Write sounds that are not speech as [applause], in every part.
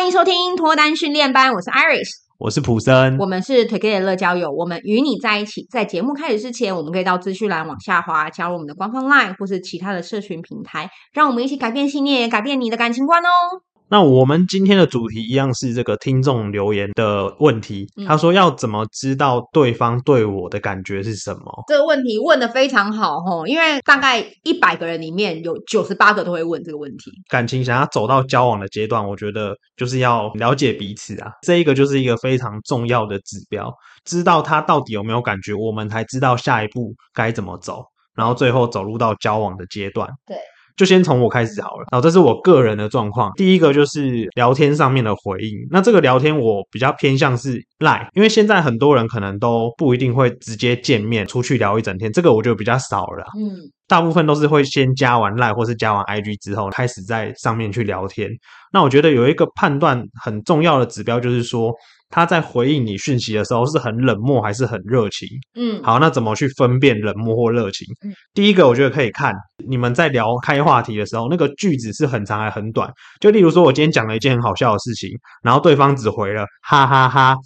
歡迎收聽脫單訓練班，我是 Iris，我是普森。我們是 Together 樂交友，我們與你在一起。在節目開始之前，我們可以到資訊欄往下滑，加入我們的官方 LINE 或是其他的社群平台，讓我們一起改變信念，改變你的感情觀哦。那我們今天的主題一樣是這個聽眾留言的問題。他、嗯、說要怎麼知道對方對我的感覺是什麼？這個問題問得非常好齁，因為大概一百個人裡面有九十八個都會問這個問題。感情想要走到交往的階段，我覺得就是要了解彼此啊，這一個就是一個非常重要的指標，知道他到底有沒有感覺，我們才知道下一步該怎麼走，然後最後走入到交往的階段。對。就先從我開始好了，然後，哦，這是我個人的狀況。第一個就是聊天上面的回應，那這個聊天我比較偏向是賴，因為現在很多人可能都不一定會直接見面出去聊一整天，這個我就比較少了。嗯，大部分都是會先加完賴或是加完 IG 之後，開始在上面去聊天。那我覺得有一個判斷很重要的指標就是說。他在回應你訊息的時候是很冷漠還是很熱情？嗯，好，那怎麼去分辨冷漠或熱情？嗯，第一個我覺得可以看你們在聊開話題的時候，那個句子是很長還很短。就例如說，我今天講了一件很好笑的事情，然後對方只回了哈哈哈哈，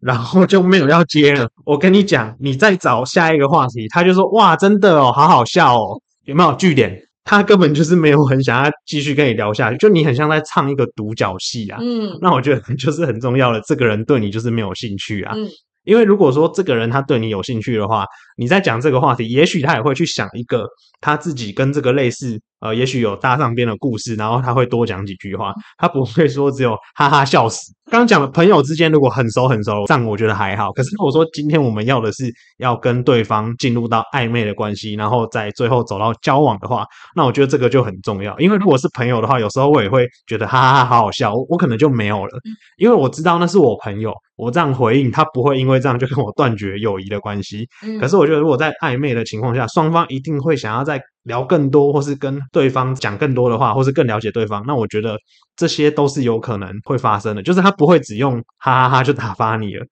然後就沒有要接了。我跟你講，你再找下一個話題，他就說哇，真的哦，好好笑哦，有沒有句點？他根本就是沒有很想要繼續跟你聊下去，就你很像在唱一個獨角戲啊。嗯，那我覺得就是很重要的，這個人對你就是沒有興趣啊。嗯，因為如果說這個人他對你有興趣的話，你在講這個話題，也許他也會去想一個他自己跟這個類似。呃，也許有搭上邊的故事，然後他會多講幾句話，他不會說只有哈哈笑死。剛剛講的，朋友之間如果很熟很熟，這樣我覺得還好。可是如果說今天我們要的是要跟對方進入到曖昧的關係，然後在最後走到交往的話，那我覺得這個就很重要。因為如果是朋友的話，有時候我也會覺得哈哈哈好好笑，我可能就沒有了，因為我知道那是我朋友，我這樣回應他不會因為這樣就跟我斷絕友誼的關係。可是我覺得如果在曖昧的情況下，雙方一定會想要在。聊更多，或是跟對方講更多的話，或是更了解對方，那我覺得。這些都是有可能會發生的，就是他不會只用哈哈哈哈就打發你了。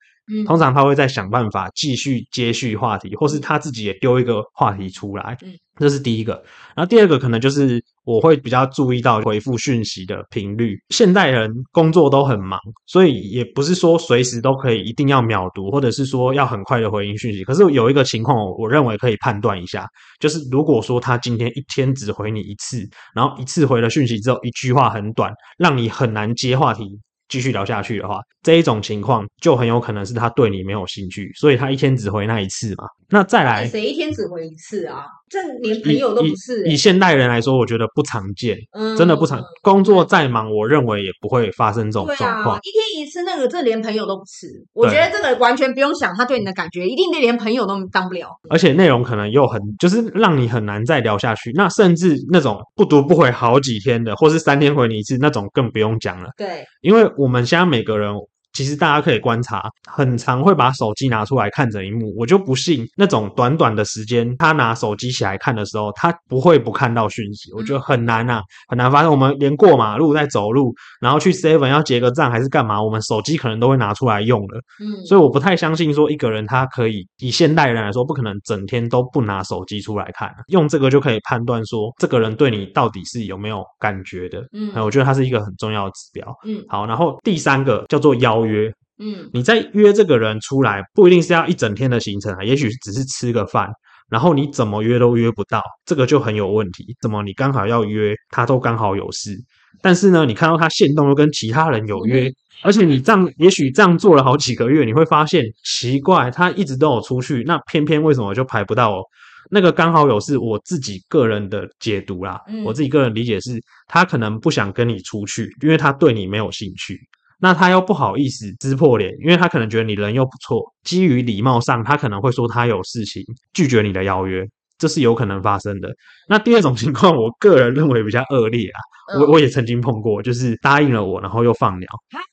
通常他會在想辦法繼續接續話題，或是他自己也丟一個話題出來。這是第一個。然後第二個可能就是我會比較注意到回復訊息的頻率。現代人工作都很忙，所以也不是說隨時都可以一定要秒讀，或者是說要很快的回應訊息。可是有一個情況我，我我認為可以判斷一下，就是如果說他今天一天只回你一次，然後一次回了訊息之後，一句話很短，讓你很難接話題，繼續聊下去的話，這一種情況就很有可能是他對你沒有興趣，所以他一天只回那一次嘛。那再來，誰、欸、一天只回一次啊？這連朋友都不是、欸以以。以現代人來說，我覺得不常見，嗯、真的不常。嗯、工作再忙，我認為也不會發生這種狀況、啊。一天一次，那個這連朋友都不是。我覺得這個完全不用想，他對你的感覺一定得連朋友都當不了。而且內容可能又很，就是讓你很難再聊下去。那甚至那種不讀不回好幾天的，或是三天回你一次那種，更不用講了。對，因為我。我們家每個人。其實大家可以觀察，很常會把手機拿出來看這一幕，我就不信那種短短的時間，他拿手機起來看的時候，他不會不看到訊息。我覺得很難啊，很難發生。我們連過馬路在走路，然後去 seven 要結個賬還是幹嘛，我們手機可能都會拿出來用了。嗯，所以我不太相信說一個人他可以以現代人來說，不可能整天都不拿手機出來看。用這個就可以判斷說，這個人對你到底是有沒有感覺的。嗯，我覺得它是一個很重要的指標。嗯，好，然後第三個叫做邀約，嗯， [noise] 你在約這個人出來，不一定是要一整天的行程啊，也許只是吃個飯。然後你怎麼約都約不到，這個就很有問題。怎麼你剛好要約，他都剛好有事。但是呢，你看到他限動又跟其他人有約，而且你這樣， [noise] 也許這樣做了好幾個月，你會發現奇怪，他一直都有出去，那偏偏為什麼就排不到？那個剛好有事，我自己個人的解讀啦， [noise] 我自己個人理解是，他可能不想跟你出去，因為他對你沒有興趣。那他又不好意思撕破臉，因為他可能覺得你人又不錯，基於禮貌上，他可能會說他有事情，拒絕你的邀約。這是有可能發生的。那第二種情況，我個人認為比較惡劣啊，我我也曾經碰過，就是答應了我，然後又放鳥，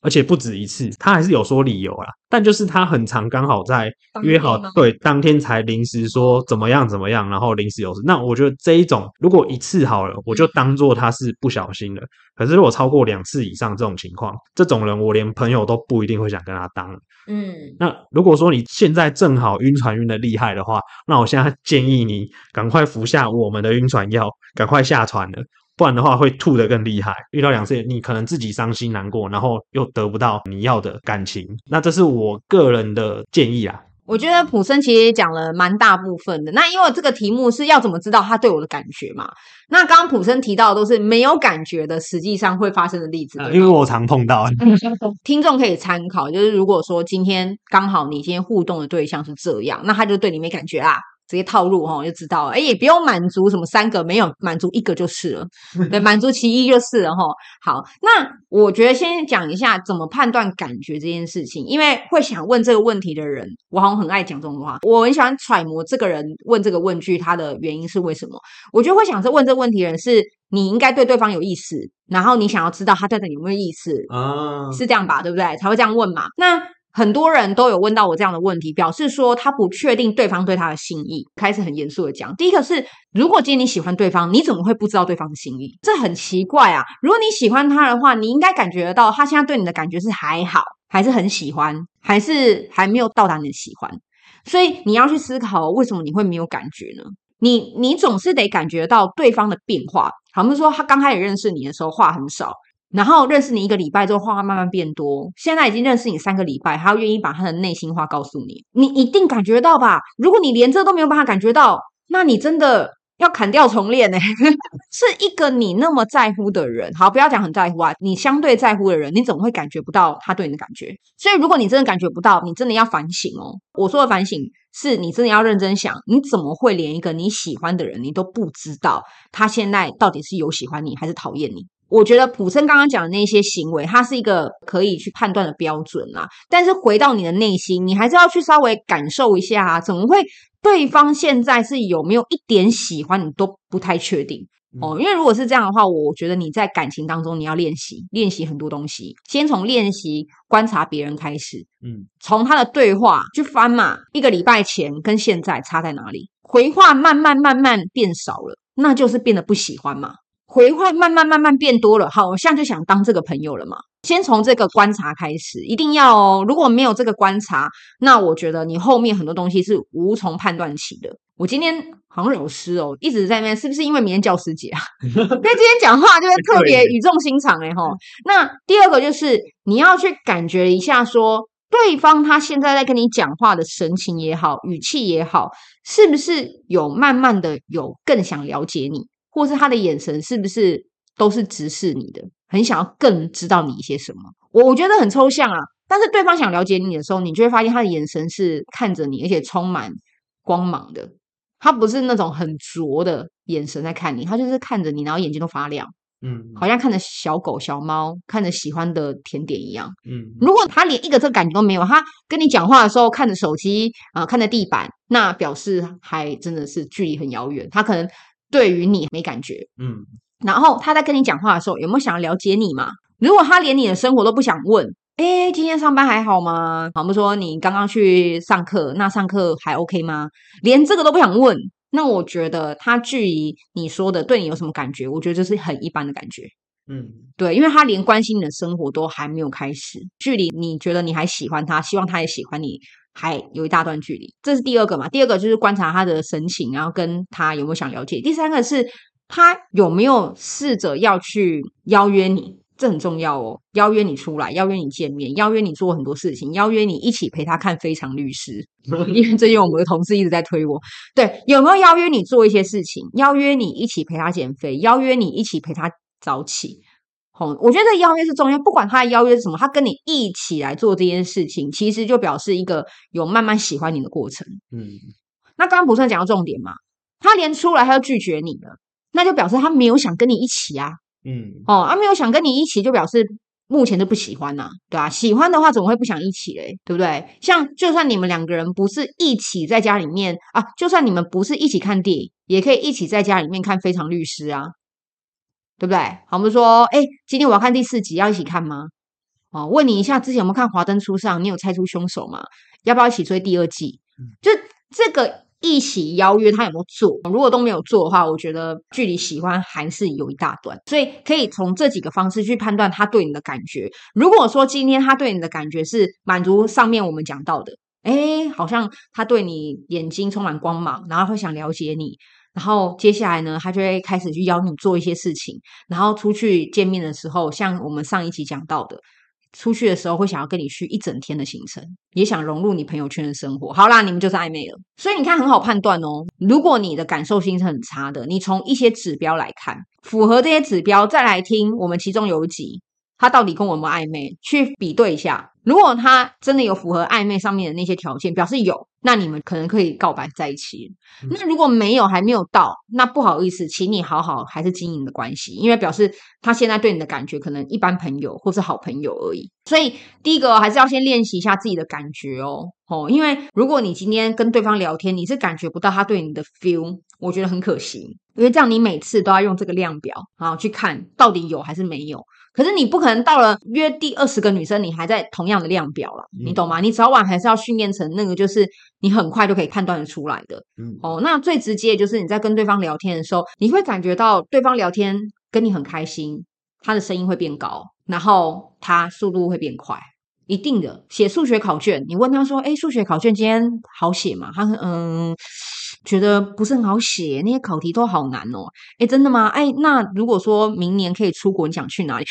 而且不止一次，他還是有說理由啊。但就是他很常剛好在約好當對當天才臨時說怎麼樣怎麼樣，然後臨時有事。那我覺得這一種如果一次好了，我就當做他是不小心的。嗯，可是如果超過兩次以上這種情況，這種人我連朋友都不一定會想跟他當。嗯，那如果說你現在正好暈船暈的厲害的話，那我現在建議你。趕快服下我們的暈船藥，趕快下船了，不然的話會吐得更厲害。遇到兩次，你可能自己傷心難過，然後又得不到你要的感情，那這是我個人的建議啊。我覺得普森其實也講了蠻大部分的。那因為這個題目是要怎麼知道他對我的感覺嘛？那剛剛普森提到的都是沒有感覺的、實際上會發生的例子，嗯，因為我常碰到，欸，聽眾可以參考，就是如果說今天剛好你今天互動的對象是這樣，那他就對你沒感覺啊。直接套路哈就知道了，哎、欸，也不用滿足什麼三個，沒有滿足一個就是了，對，滿 [laughs] 足其一就是了哈。好，那我覺得先講一下怎麼判斷感覺這件事情，因為會想問這個問題的人，我好像很愛講這種話，我很喜歡揣摩這個人問這個問句他的原因是為什麼，我就會想，這問這個問題的人是你應該對對方有意思，然後你想要知道他對你有沒有意思啊，嗯、是這樣吧，對不對？才會這樣問嘛。那很多人都有問到我這樣的問題，表示說他不確定對方對他的心意。開始很嚴肅的講，第一個是，如果今天你喜歡對方，你怎麼會不知道對方的心意？這很奇怪啊！如果你喜歡他的話，你應該感覺到他現在對你的感覺是還好，還是很喜歡，還是還沒有到達你的喜歡。所以你要去思考，為什麼你會沒有感覺呢？你你總是得感覺到對方的變化。好像說，他剛開始認識你的時候，話很少。然後認識你一個禮拜之後，話慢慢變多。現在已經認識你三個禮拜，他願意把他的內心話告訴你，你一定感覺到吧？如果你連這個都沒有辦法感覺到，那你真的要砍掉重練呢、欸？ [laughs] 是一個你那麼在乎的人，好，不要講很在乎啊，你相對在乎的人，你怎麼會感覺不到他對你的感覺？所以，如果你真的感覺不到，你真的要反省哦。我說的反省，是你真的要認真想，你怎麼會連一個你喜歡的人，你都不知道他現在到底是有喜歡你還是討厭你？我覺得普森剛剛講的那些行為，它是一個可以去判斷的標準啊。但是回到你的內心，你還是要去稍微感受一下啊，怎麼會對方現在是有沒有一點喜歡，你都不太確定哦？因為如果是這樣的話，我覺得你在感情當中你要練習練習很多東西，先從練習觀察別人開始。嗯，從他的對話去翻嘛，一個禮拜前跟現在差在哪裡？回話慢慢慢慢變少了，那就是變得不喜歡嘛。回話慢慢慢慢變多了，好，我現在就想當這個朋友了嘛。先從這個觀察開始，一定要哦。如果沒有這個觀察，那我覺得你後面很多東西是無從判斷起的。我今天好像有事哦，一直在那邊是不是因為明天教師節啊？所 [laughs] 今天講話就會特別語重心長誒、欸、哈 [laughs] 對。那第二個就是你要去感覺一下說，說對方他現在在跟你講話的神情也好，語氣也好，是不是有慢慢的有更想了解你？或是他的眼神是不是都是直視你的，很想要更知道你一些什麼？我我覺得很抽象啊。但是對方想了解你的時候，你就會發現他的眼神是看着你，而且充滿光芒的。他不是那種很濁的眼神在看你，他就是看着你，然後眼睛都發亮，嗯，嗯，好像看着小狗、小貓，看着喜歡的甜點一樣，嗯，嗯。如果他連一個這感覺都沒有，他跟你講話的時候看着手機啊、呃，看着地板，那表示還真的是距離很遙遠。他可能。對於你沒感覺，嗯，然後他在跟你講話的時候，有沒有想要了解你嘛？如果他連你的生活都不想問，誒今天上班還好嗎？好，不說你剛剛去上課，那上課還 OK 嗎？連這個都不想問，那我覺得他距離你說的對你有什麼感覺，我覺得這是很一般的感覺，嗯，對，因為他連關心你的生活都還沒有開始，距離你覺得你還喜歡他，希望他也喜歡你。還有一大段距離，這是第二個嘛？第二個就是觀察他的神情，然後跟他有沒有想了解。第三個是他有沒有試着要去邀約你，這很重要哦。邀約你出來，邀約你見面，邀約你做很多事情，邀約你一起陪他看《非常律師》。 [laughs] 因為最近我們的同事一直在推我，對，有沒有邀約你做一些事情？邀約你一起陪他減肥，邀約你一起陪他早起。哦、我覺得這邀約是重要，不管他的邀約是什麼，他跟你一起來做這件事情，其實就表示一個有慢慢喜歡你的過程。嗯，那剛剛不是講到重點嘛？他連出來他要拒絕你了，那就表示他沒有想跟你一起啊。嗯，哦，他、啊、沒有想跟你一起，就表示目前就不喜歡吶、啊，對吧、啊？喜歡的話怎麼會不想一起嘞？對不對？像就算你們兩個人不是一起在家裡面啊，就算你們不是一起看電影，也可以一起在家裡面看《非常律師》啊。對不對？好、啊，我們說，誒、欸、今天我要看第四集，要一起看嗎？哦，問你一下，之前有沒有看《華燈初上》？你有猜出兇手嗎？要不要一起追第二季？就這個一起邀約，他有沒有做？如果都沒有做的話，我覺得距離喜歡還是有一大段，所以可以從這幾個方式去判斷他對你的感覺。如果說今天他對你的感覺是滿足上面我們講到的，誒、欸、好像他對你眼睛充滿光芒，然後會想了解你。然後接下來呢，他就會開始去邀你做一些事情，然後出去見面的時候，像我們上一期講到的，出去的時候會想要跟你去一整天的行程，也想融入你朋友圈的生活。好啦，你們就是曖昧了，所以你看很好判斷哦。如果你的感受性是很差的，你從一些指標來看，符合這些指標，再來聽我們其中有幾他到底跟我有沒有曖昧？去比對一下，如果他真的有符合曖昧上面的那些條件，表示有，那你們可能可以告白在一起。嗯、那如果沒有，還沒有到，那不好意思，請你好好還是經營的關係，因為表示他現在對你的感覺可能一般朋友或是好朋友而已。所以第一個還是要先練習一下自己的感覺哦，哦，因為如果你今天跟對方聊天，你是感覺不到他對你的 feel，我覺得很可惜，因為這樣你每次都要用這個量表啊去看到底有還是沒有。可是你不可能到了約第二十個女生，你還在同樣的量表了，嗯、你懂嗎？你早晚還是要訓練成那個，就是你很快就可以判斷得出來的。嗯，哦，那最直接就是你在跟對方聊天的時候，你會感覺到對方聊天跟你很開心，他的聲音會變高，然後他速度會變快，一定的。寫數學考卷，你問他說：“哎、欸，數學考卷今天好寫嗎？”他說嗯。覺得不是很好寫，那些考題都好難哦。誒，真的嗎？誒，那如果說明年可以出國，你想去哪裡？誒，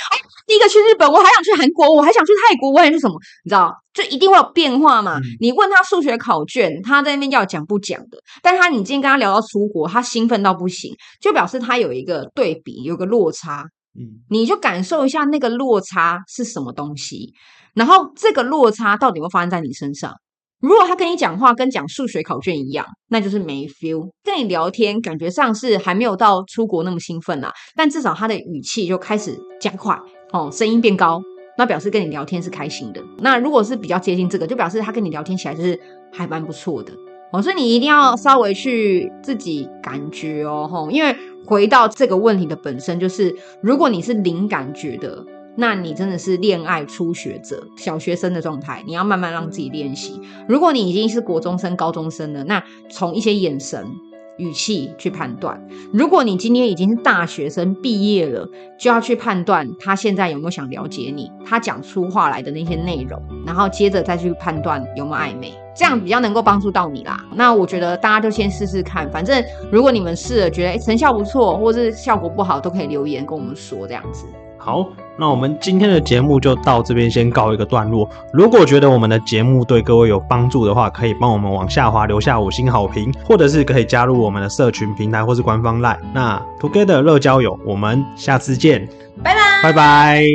第一個去日本，我還想去韓國，我還想去泰國，我還想去什麼？你知道，就一定會有變化嘛。嗯，你問他數學考卷，他在那邊要講不講的？但是他你今天跟他聊到出國，他興奮到不行，就表示他有一個對比，有個落差。嗯，你就感受一下那個落差是什麼東西，然後這個落差到底會發生在你身上。如果他跟你講話跟講數學考卷一樣，那就是沒 feel。跟你聊天感覺上是還沒有到出國那麼興奮啦，但至少他的語氣就開始加快哦，聲音變高，那表示跟你聊天是開心的。那如果是比較接近這個，就表示他跟你聊天起來就是還蠻不錯的哦。所以你一定要稍微去自己感覺哦，吼，因為回到這個問題的本身就是，如果你是零感覺的。那你真的是戀愛初學者，小學生的狀態，你要慢慢讓自己練習。如果你已經是國中生、高中生了，那從一些眼神、語氣去判斷。如果你今天已經是大學生畢業了，就要去判斷他現在有沒有想了解你，他講出話來的那些內容，然後接着再去判斷有沒有曖昧，這樣比較能夠幫助到你啦。那我覺得大家就先試試看，反正如果你們試了覺得成效不錯，或是效果不好，都可以留言跟我們說這樣子。好。那我們今天的節目就到這邊先告一個段落。如果覺得我們的節目對各位有幫助的話，可以幫我們往下滑留下五星好評，或者是可以加入我們的社群平台或是官方 LINE。那 Together 樂交友，我們下次見，拜拜，拜拜。